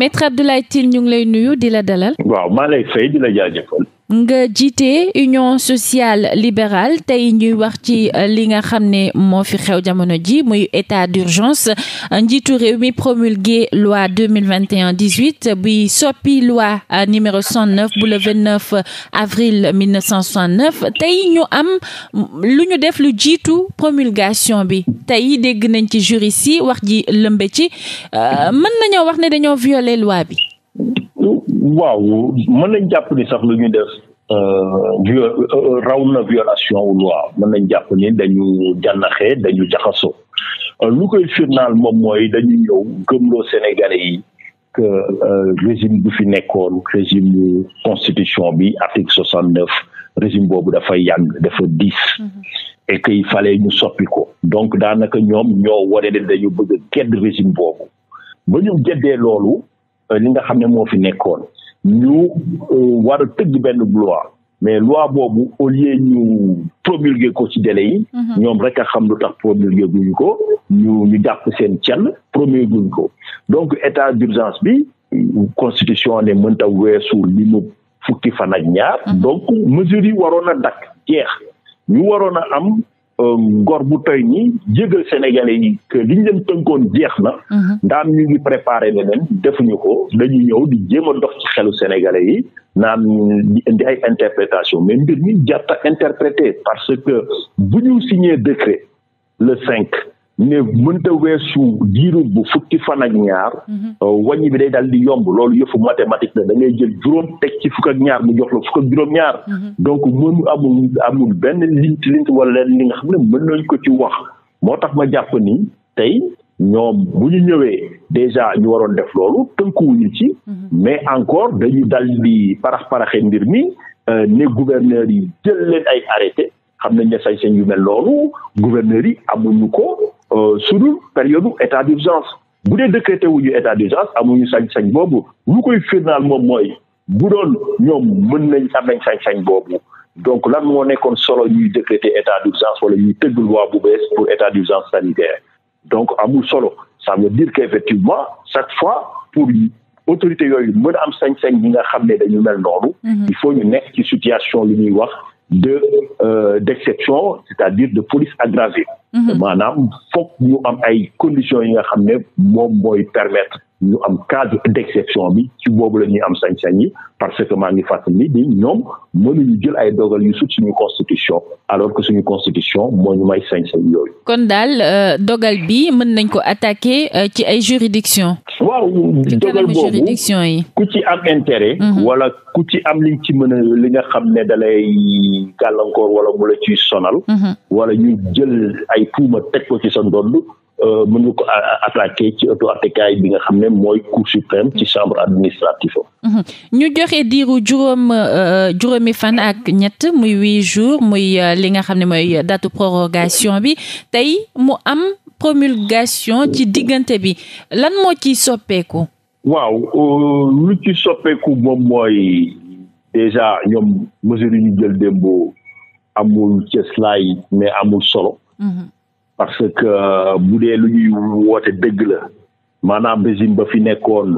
maître Abdoulaye Tine ñu ngi lay nuyu di la dalal. waaw maa lay fay di la jaajëfal. nga jiite union sociale libérale tey ñuy wax ci euh, li nga xam ne moo fi xew jamono ji muy état d'urgence njiitu réew mi promulgué loi 2021 18 bi soppi loi euh, numéro 109 bu le 29 avril 1969 tey ñu am lu ñu def lu jiitu promulgation bi tey dégg nañ ci juriste yi wax ji lëmbe ci euh, mën nañoo wax ne dañoo viole loi bi waaw mën nañ jàpp ni sax lu ñu def Euh, euh, raw na violation wu loi mën nañ jàpp ni dañu jànnaxee dañu jaxasoo euh, lu koy firnaal moom mooy dañu ñëw gëmloo sénégalais yi que régime bu fi nekkoon régime constitution bi article soixante neuf régime boobu dafa yàgg dafa diis mm-hmm. et que il ñu soppi ko donc daanaka ñoom ñoo ware dañu bëgg a gedd régime boobu ba ñu geddee loolu li nga xam ne moo fi nekkoon ñu euh, war a tëgg benn loi mais loi boobu au lieu ñu promulguer ko ci délai yi. Mhm. ñoom rek a xam lu tax promulguer guñu ko ñu ñu jàpp seen cenn promulguer guñu ko donc état d'urgence bi constitution ne mënta weesu li mu fukki fan ak ñaar. Mhm. donc mesures yi waroon a dakk jeex ñu waroon a am. ngor euh, bu toy nii jégal sénégalais yi que liñ leen tënkoon jeex na. Mhm. ndaam ñu ngi préparé leneen defuñu ko dañu ñëw di jéem a ci xelu sénégalais yi naan di indi ay interprétation mais mbir mi jàpp a interprété parce que bu ñu signé décret le cinq. ne mënta weesu diiru bu fukki fan ak ñaar mhm. euh, wàññi bi day daal di yomb loolu yëfu mathématique la da ngay jël juróom teg ci fukk ak ñaar mu jox la fukk ak juróom ñaar mhm. donc mënu amul amul benn lint lint leen li nga xam ne mën nañ ko ci wax moo tax ma jàpp ni tey ñoom bu ñu ñëwee déjà ñu waroon def loolu tënkuwuñu ci mhm. mais encore dañu dal di parax paraxe mbir mi euh, ne gouverneur yi jël leen ay arrêté xam nañ ne sañ-sañ yu mel loolu gouverneur yi amuñu ko Euh, sudul période état d'urgence bu dee décrété wuñu état d'urgence amuñu sañ-sañ boobu lu koy firnaal moom mooy bu doon ñoom mën nañ am nañ sañ-sañ boobu donc lan moo nekkoon solo ñuy décréter état d'urgence wala ñuy tëgg loi bu bees pour état d'urgence sanitaire donc amul solo ça veut dire qu'effectivement chaque fois pour autorité yooyu mën am sañ-sañ ñi nga xam ne dañu mel noonu mm-hmm. il faut ñu nekk ci situation lu ñuy wax de euh, d'exception c'est-à-dire de police aggravée mhm. maanaam foog ñu am ay conditions yi nga xam ne moom mooy permettre ñu am cadre d'exception bi ci boobu la ñuy am sañ-sañ yi parce que maa ngi fàttali ni ñoom mënuñu jël ay dogal yu sut suñu constitution alors que suñu constitution moo ñu may sañ-sañ yooyu. kon daal euh, dogal bi mën nañ ko attaquer euh, ci ay juridiction waaw dogal boobu ku ci am intérêt. Mhm. wala ku ci am li ci mën a li nga xam ne dalay gàllankoor wala mu la ciy sonal. Mhm. wala ñu jël ay tuuma teg ko ci sa ndodd Euh, mu nga ko attaqué ci auto attekaay bi nga xam ne mooy cour suprême ci chambre administrative mhm. ñu joxe diiru juróom euh, juróomi fan ak ñett muy huit jours muy euh, li nga xam ne mooy datu prorogation bi tey mu am promulgation ci diggante bi lan moo ci soppeeku waaw lu ci soppeeku moom mooy déjà ñoom mesure yi ñu jël démboo amul cëslaay mais amul solo mhm. parce que euh, bu dee lu ñuy woote dëgg la maanaam régime ba fi nekkoon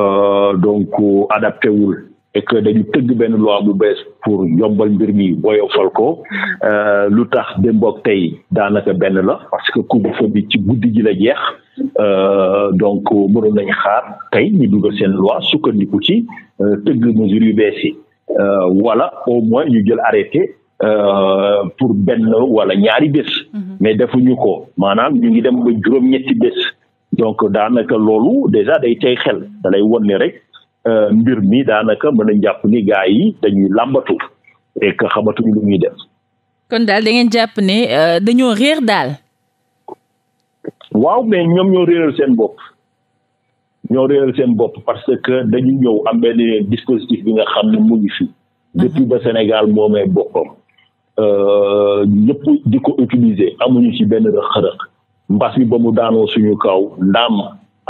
euh, donc adapté wul et que dañu tëgg benn loi bu bees pour yombal mbir mi boyofal ko mm-hmm. euh, lu tax démb ak tey daanaka benn la parce que couvre-feu bi ci guddi ji la jeex donc mënoon nañu xaar tey ñu dugal seen loi sukkandiku ci tëgg mesure yu bees yi wala au moins ñu jël arrêté Euh, pour benn wala ñaari bés. Mhm. mais defuñu ko maanaam ñu ngi dem ba juróom-ñetti bés. donc daanaka loolu déjà day tey xel da lay won ni rek euh, mbir mi daanaka mën a jàpp ni yi dañuy làmbatu et que def. kon daal da ngeen jàpp ne euh, dañoo réer daal. waaw mais ñoom ñoo réeral seen bopp. ñoo réeral seen bopp parce que dañu ñëw am benn dispositif bi nga xam ne mu fi. Mhm. depuis ba Sénégal moomee boppam. Euh, ñëpp di ko utiliser amuñu ci benn rëq-rëq mbas bi ba mu daanoo suñu kaw ndaam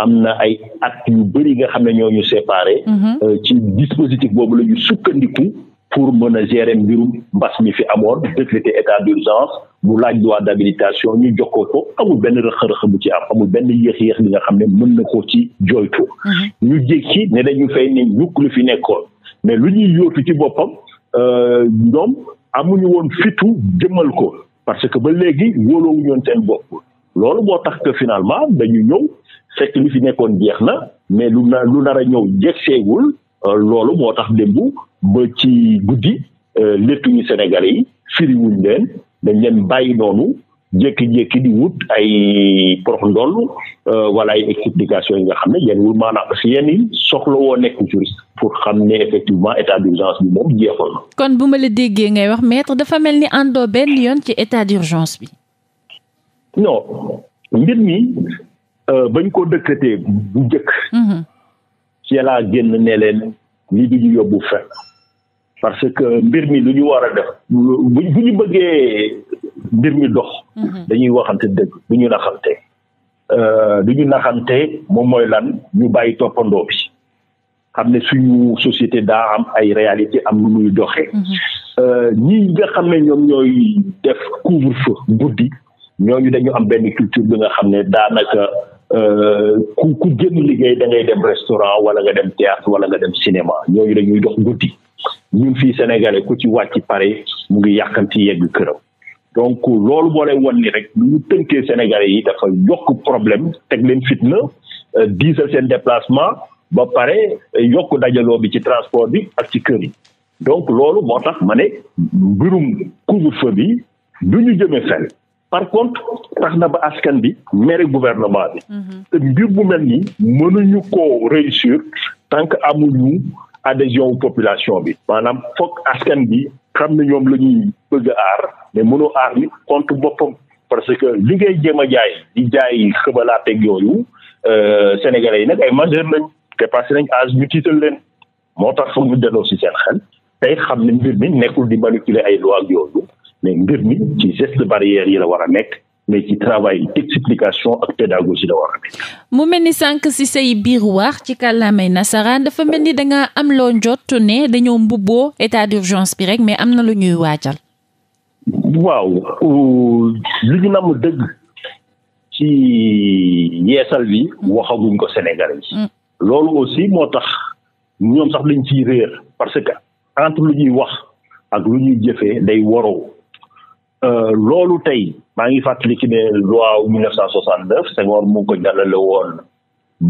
am na ay at yu bëri nga xam ne ñoo ñu séparé. Mhm. Euh, ci dispositif boobu la sukkandiku pour mën a gérer mbirum mbas mi fi amoon décrété état d'urgence bu laaj loi d'habilitation ñu jokkoo ko amul benn rëq-rëq bu ci am amul benn yéex-yéex bi nga xam ne mën na ko ci jooytu. Mhm. ñu jékki ne dañu fay ne ñukk lu fi nekkoon mais lu ñuy yóotu ci boppam euh, ñoom. amuñu woon fitu jëmal ko parce que ba léegi wóoloowuñu seen bopp loolu moo tax que finalement dañu ñëw fekk li fi nekkoon jeex na mais lu lu nar a ñëw jegseegul euh, loolu moo tax démb ba ci guddi euh, léttuñu Sénégalais yi firiwuñ leen dañ leen bàyyi noonu jékki-jékki di wut ay prox ndoll euh, wala ay explication yi nga xam ne yenwul maanaam parce que yéen yi soxla woo nekk juriste pour xam ne effectivement état d'urgence bi moom jeexoon na kon bu ma la déggee ngay wax maître dafa mel ni àndoo benn yoon ci état d'urgence bi non mbir mi euh, bañ ko décréter bu njëkk mhm. ci laa génn ne leen lii du ñu yóbbu fekk parce que mbir mi lu ñu war a def bu ñu bëggee mbir mi dox Mm-hmm. dañuy waxante dëgg du ñu naxante euh, du ñu naxante moom mooy lan ñu bàyyi toppandoo bi xam ne suñu société daa am ay réalité am nu muy doxee mm-hmm. euh, ñi nga xam ne ñoom ñooy def couvre-feu guddi ñooñu dañu am benn culture bi nga xam ne daanaka euh, ku ku génn liggéey da ngay dem restaurant wala nga dem théâtre wala nga dem cinéma ñooñu dañuy dox guddi ñun fii sénégalais ku ci wàcc pare mu ngi yàkkamti yegg këram donc loolu moo lay wan ni rek lu ñu tënkee Sénégalais yi dafa yokk problème teg leen fitna euh, diisal seen déplacement ba pare euh, yokk dajaloo bi ci transport bi ak ci kër donc loolu moo tax ma ne mbirum couvre-feu bi du ñu jëmee fenn par contre tax na ba askan bi mere gouvernement bi mhm. te mbir bu mel ni mënuñu koo réussir tant que amuñu adhésion population bi maanaam foog askan bi xam ne ñoom la ñuy bëgg a aar ne mënu aar ni contre boppam parce que li ngay jéem a jaay di jaay xëbalaateeg yooyu euh, sénégalais yi nag ay majeur te dépassé nañ âge ñu tiital leen moo tax foog ñu delloo si seen xel tey xam ne mbir mi nekkul di manipuler ay loi ak yooyu mais mbir mi ci geste barrière yi la war a nekk mais ci travail explication ak pédagogie la war a nekk. mu mel ni sànq si say biir wax ci kàllaamay nasaraan dafa mel ni danga am loo njott ne dañoo mbubboo état d'urgence bi rek mais am na lu ñuy waajal. waaw lu ñu nam dëgg ci yeesal bi waxaguñ ko Sénégalais yi. Mm. loolu aussi moo tax ñoom sax lañ ciy réer parce que entre lu ñuy wax ak lu ñuy jëfee day waroo. Euh, loolu tey maa ngi fàttali ci ne loi mille neuf cent soixante neuf Senghor mu ngi ko jàllale woon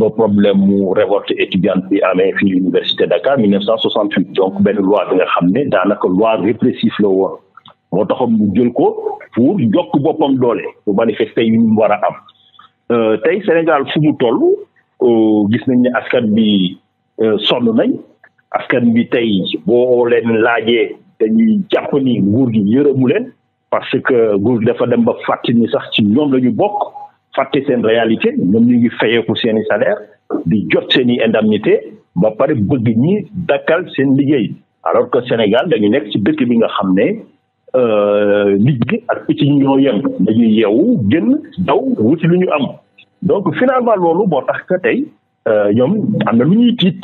ba problème mu révolte étudiante bi amee fii université Dakar mille neuf cent soixante huit donc benn loi bi nga xam ne daanaka loi répressif la woon moo taxoon mu jël ko pour jokk boppam doole bu manifester yu mu war a am euh, tey Sénégal fu mu euh, gis nañ ne askan bi sonn nañ askan bi tey boo leen laajee dañuy jàpp ni nguur gi yërëmu leen parce que nguur dafa dem ba fàtte ni sax ci ñoom la ñu bokk fàtte seen réalité ñoom ñu ngi fayeeku seen salaire di jot seen i indemnité ba pare bëgg ñi dakkal seen liggéey alors que Sénégal dañu nekk ci dëkk bi nga xam ne liggéey euh, ak picc yi ñoo yem dañuy yeewu gën daw wuti lu ñu am donc finalement loolu boo tax que tey euh, ñoom am na lu ñuy tiit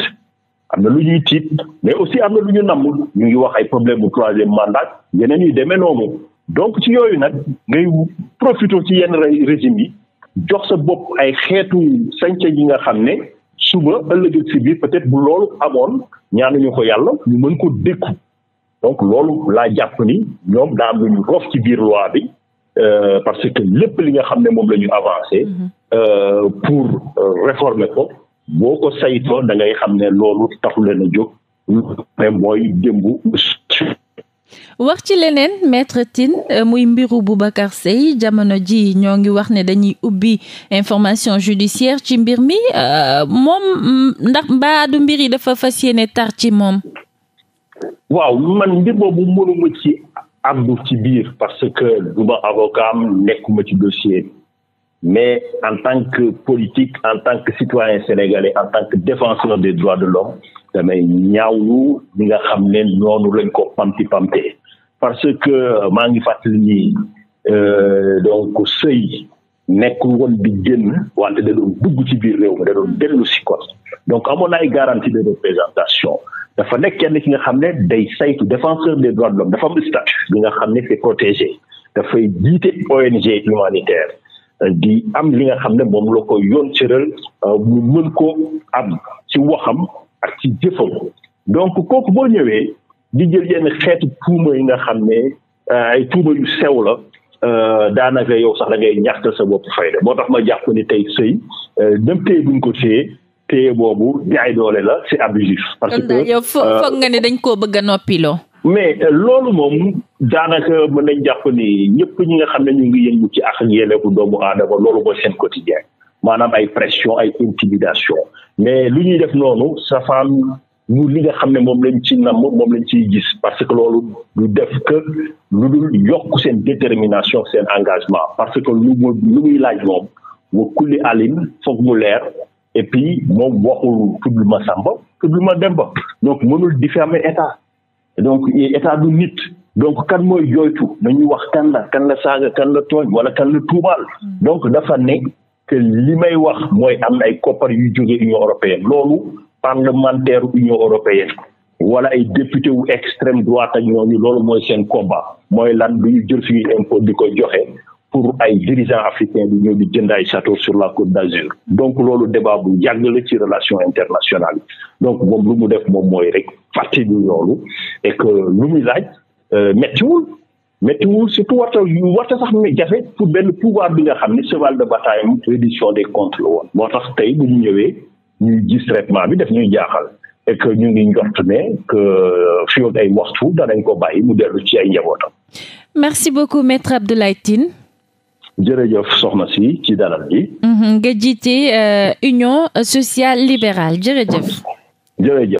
am na lu ñuy tiit mais aussi am na lu ñu nammul ñu ngi wax ay problème bu troisième mandat yeneen yu demee noonu donc ci yooyu nag ngay profité ci yenn régime yi jox sa bopp ay xeetu sañ-sañ yi nga xam ne suba ëllëg si biir peut-être bu loolu amoon ñaanuñu ko yàlla ñu mën ko dékku donc loolu laa jàpp ni ñoom daa am lu ñu rof ci biir loi bi euh, parce que lépp li nga xam ne moom la ñu avancé mhm. euh, pour euh, réformer ko boo ko saytoo da ngay xam ne loolu taxu leen a jóg mais mooy démb wax ci leneen maître Tine euh, muy mbiru Boubacar Seye jamono ji ñoo ngi wax ne dañuy ubbi information judiciaire ci mbir mi euh, moom ndax mbaa du mbir yi dafa fas yéene tar ci moom. waaw man mbir boobu mënuma ci àddu ci biir parce que duma avocat am nekkuma ci dossier mais en tant que politique en tant que citoyen sénégalais en tant que défenseur des droits de l'homme damay ñaawlu li nga xam ne noonu lañ ko pamti pamte parce que maa ngi fàttali ni euh, donc sëy nekk woon di génn wante da doon dugg ci biir réew mi da doon dellu si kon donc amoon na ay garantie de représentation dafa nekk kenn ki nga xam ne day saytu défenseur des droits de l'homme dafa am statut bi nga xam ne c'est protégé dafay jiite ONG humanitaire euh, di am li nga xam ne moom la ko yoon cëral euh, mu mën koo am ci waxam ak ci jëfam donc kooku boo ñëwee di jël yenn xeetu tuuma yi nga xam ne euh, ay tuuma yu sew la euh, daanaka yow sax da ngay sa bopp fayda moo tax ma jàpp ni tey sëy dem euh, téye buñ ko téye téye boobu jaay doole la c'est abusif. parce que yow foog nga ne dañ koo bëgg a noppiloo. mais loolu moom daanaka mën nañ jàpp ni ñëpp ñi nga xam ne ñu ngi yëngu ci ak yelleefu doomu aadama loolu mooy seen quotidien maanaam ay pression ay intimidation mais lu ñuy def noonu safaan ñu li nga xam ne moom lañ ci namm moom lañ ciy gis parce que loolu lu def que lu dul yokk seen détermination seen engagement parce que lu mu lu muy laaj moom wa kulli alim foog mu leer et puis moom waxul tudd ma Samba tudd ma Demba donc mënul di fi diffamer état donc état du nit donc kan mooy jooytu dañuy wax kan la kan la saaga kan la tooñ wala kan la tuubaal donc dafa ne que li may wax mooy am na ay koppar yu jóge Union européenne loolu parlementaire union européenne wala ay député wu extrême droite ak ñu loolu mooy seen combat mooy lan du ñu jël suñu impôt di ko joxe pour ay dirigeants africains bi ñëw di jënd ay sato sur la côte d'Azur donc loolu débat bu yàgg la ci relation internationale donc moom lu mu def moom mooy rek fàtte bi loolu et que lu muy laaj euh, méttiwul méttiwul surtout warta warta sax ne jafe pour benn pouvoir bi nga xam ne cheval de bataille am reddition des comptes la woon moo tax tey bu ñu ñëwee ñuy gis traitement bi def ñuy jaaxal et que ñu ngi njort ne que euh, fii ak ay waxtu danañ ko bàyyi mu dellu ci ay njabootam. merci beaucoup maître Abdoulaye Tine. jërëjëf soxna si ci dalal bi. Mm-hmm. nga jiite euh, union sociale libérale jërëjëf. jërëjëf.